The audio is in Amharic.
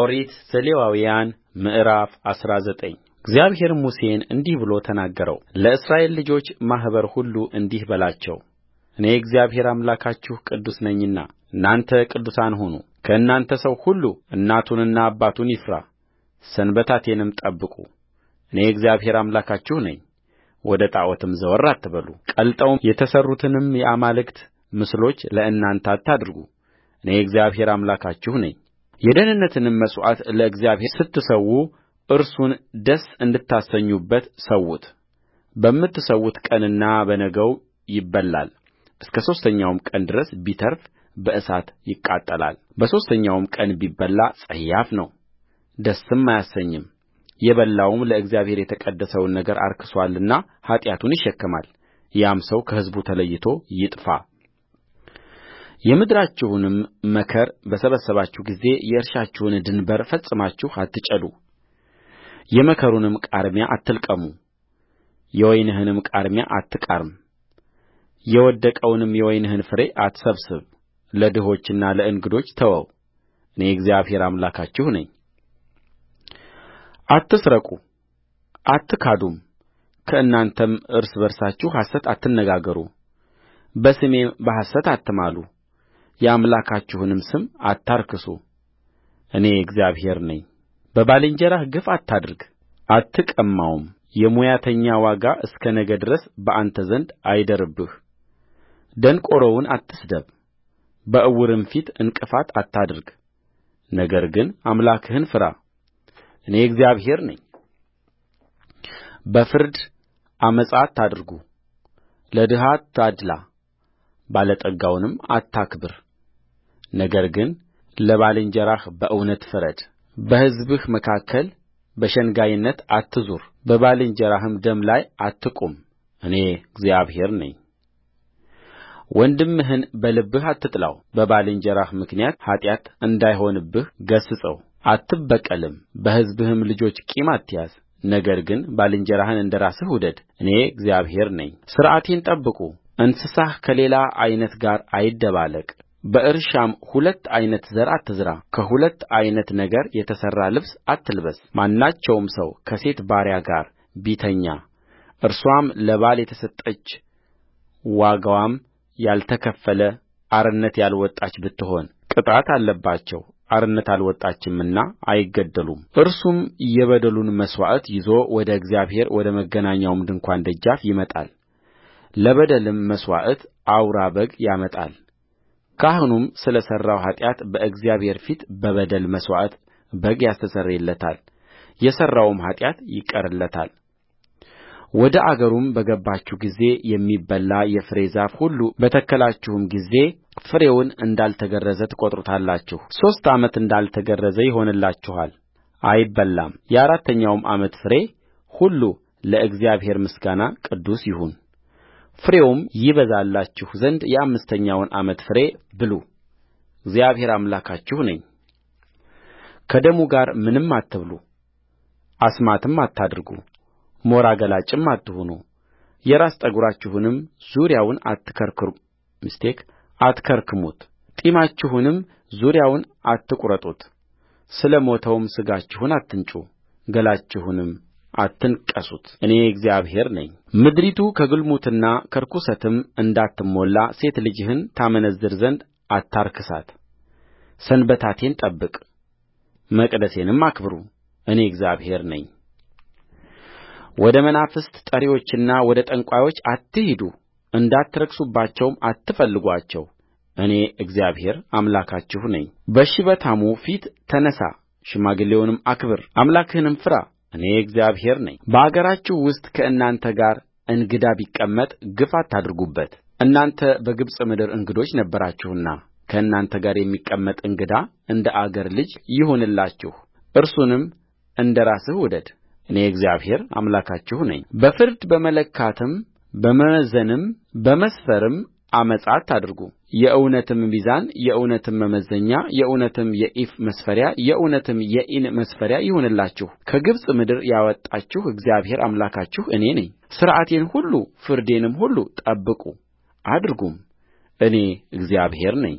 ኦሪት ዘሌዋውያን ምዕራፍ አስራ ዘጠኝ እግዚአብሔርም ሙሴን እንዲህ ብሎ ተናገረው ለእስራኤል ልጆች ማኅበር ሁሉ እንዲህ በላቸው እኔ እግዚአብሔር አምላካችሁ ቅዱስ ነኝና እናንተ ቅዱሳን ሁኑከእናንተ ሰው ሁሉ እናቱንና አባቱን ይፍራ፣ ሰንበታቴንም ጠብቁ። እኔ እግዚአብሔር አምላካችሁ ነኝ። ወደ ጣዖትም ዘወር አትበሉ፣ ቀልጠው የተሠሩትንም የአማልክት ምስሎች ለእናንተ አታድርጉ። እኔ እግዚአብሔር አምላካችሁ ነኝ። የደኅንነትንም መሥዋዕት ለእግዚአብሔር ስትሠዉ እርሱን ደስ እንድታሰኙበት ሠዉት በምትሠዉት ቀንና በነጋው ይበላል እስከ ሦስተኛውም ቀን ድረስ ቢተርፍ በእሳት ይቃጠላልበሦስተኛውም ቀን ቢበላ ጸያፍ ነው ደስም አያሰኝም የበላውም ለእግዚአብሔር የተቀደሰውን ነገር አርክሶአልና ኃጢአቱን ይሸከማል ያም ሰው ከሕዝቡ ተለይቶ ይጥፋ የምድራችሁንም መከር በሰበሰባችሁ ጊዜ የእርሻችሁን ድንበር ፈጽማችሁ አትጨዱ የመከሩንም ቃርሚያ አትልቀሙ የወይንህንም ቃርሚያ አትቃርም የወደቀውንም የወይንህን ፍሬ አትሰብስብ ለድሆችና ለእንግዶች ተወው እኔ እግዚአብሔር አምላካችሁ ነኝ።አትስረቁ አትካዱም ከእናንተም እርስ በርሳችሁ ሐሰት አትነጋገሩ በስሜም በሐሰት አትማሉ የአምላካችሁንም ስም አታርክሱ እኔ እግዚአብሔር ነኝበባልንጀራህ ግፍ አታድርግ አትቀማውም የሙያተኛ ዋጋ እስከ ነገ ድረስ በአንተ ዘንድ አይደርብህ ደንቆሮውን አትስደብ በዕውርም ፊት ዕንቅፋት አታድርግ ነገር ግን አምላክህን ፍራ እኔ እግዚአብሔር ነኝበፍርድ ዓመፃ አታድርጉ ለድሀ አታድላ ባለጠጋውንም አታክብር ነገር ግን ለባልንጀራህ በእውነት ፍረድ በሕዝብህ መካከል በሸንጋይነት አትዙር በባልንጀራህም ደም ላይ አትቁም እኔ እግዚአብሔር ነኝወንድምህን በልብህ አትጥላው በባልንጀራህ ምክንያት ኃጢአት እንዳይሆንብህ ገሥጸው አትበቀልም በሕዝብህም ልጆች ቂም አትያዝ ነገር ግን ባልንጀራህን እንደ ራስህ ውደድ እኔ እግዚአብሔር ነኝሥርዓቴን ጠብቁ እንስሳህ ከሌላ ዓይነት ጋር አይደባለቅ በእርሻም ሁለት ዓይነት ዘር አትዝራ ከሁለት ዓይነት ነገር የተሠራ ልብስ አትልበስ ማናቸውም ሰው ከሴት ባሪያ ጋር ቢተኛ እርስዋም ለባል የተሰጠች ዋጋዋም ያልተከፈለ አርነት ያልወጣች ብትሆን ቅጣት አለባቸው አርነት አልወጣችምና አይገደሉምእርሱም የበደሉን መሥዋዕት ይዞ ወደ እግዚአብሔር ወደ መገናኛው ድንኳን ደጃፍ ይመጣል ለበደልም መሥዋዕት አውራ በግ ያመጣል ካህኑም ስለ ሠራው ኃጢአት በእግዚአብሔር ፊት በበደል መሥዋዕት በግ ያስተሰርይለታል የሠራውም ኃጢአት ይቀርለታልወደ አገሩም በገባችሁ ጊዜ የሚበላ የፍሬ ዛፍ ሁሉ በተከላችሁም ጊዜ ፍሬውን እንዳልተገረዘ ትቈጥሩታላችሁ ሦስት ዓመት እንዳልተገረዘ ይሆንላችኋል አይበላምየአራተኛውም ዓመት ፍሬ ሁሉ ለእግዚአብሔር ምስጋና ቅዱስ ይሁን ፍሬውም ይበዛላችሁ ዘንድ የአምስተኛውን ዓመት ፍሬ ብሉ እግዚአብሔር አምላካችሁ ነኝከደሙ ጋር ምንም አትብሉ አስማትም አታድርጉ ሞራ ገላጭም አትሁኑ የራስ ጠጕራችሁንም ዙሪያውን አትከርክሙት ጢማችሁንም ዙሪያውን አትቍረጡት ስለ ሞተውም ሥጋችሁን አትንጩ ገላችሁንም አትንቀሱት እኔ እግዚአብሔር ነኝምድሪቱ ከግልሙትና ከርኵሰትም እንዳትሞላ ሴት ልጅህን ታመነዝር ዘንድ አታርክሳት ሰንበታቴን ጠብቅ መቅደሴንም አክብሩ እኔ እግዚአብሔር ወደ መናፍስት ጠሪዎችና ወደ ጠንቋዮች አትሂዱ እንዳትረክሱባቸውም አትፈልጓቸው! እኔ እግዚአብሔር አምላካችሁ ነኝበሽበታሙ ፊት ተነሣ ሽማግሌውንም አክብር አምላክህንም ፍራ እኔ እግዚአብሔር ነኝበአገራችሁ ውስጥ ከእናንተ ጋር እንግዳ ቢቀመጥ ግፍ አታድርጉበት እናንተ በግብፅ ምድር እንግዶች ነበራችሁና ከእናንተ ጋር የሚቀመጥ እንግዳ እንደ አገር ልጅ ይሁንላችሁ እርሱንም እንደ ራስህ ውደድ እኔ እግዚአብሔር አምላካችሁ ነኝበፍርድ በመለካትም በመመዘንም በመስፈርም ዓመፃ አታድርጉ የእውነትም ሚዛን የእውነትም መመዘኛ የእውነትም የኢፍ መስፈሪያ የእውነትም የኢን መስፈሪያ ይሁንላችሁ ከግብፅ ምድር ያወጣችሁ እግዚአብሔር አምላካችሁ እኔ ነኝሥርዓቴን ሁሉ ፍርዴንም ሁሉ ጠብቁ አድርጉም እኔ እግዚአብሔር ነኝ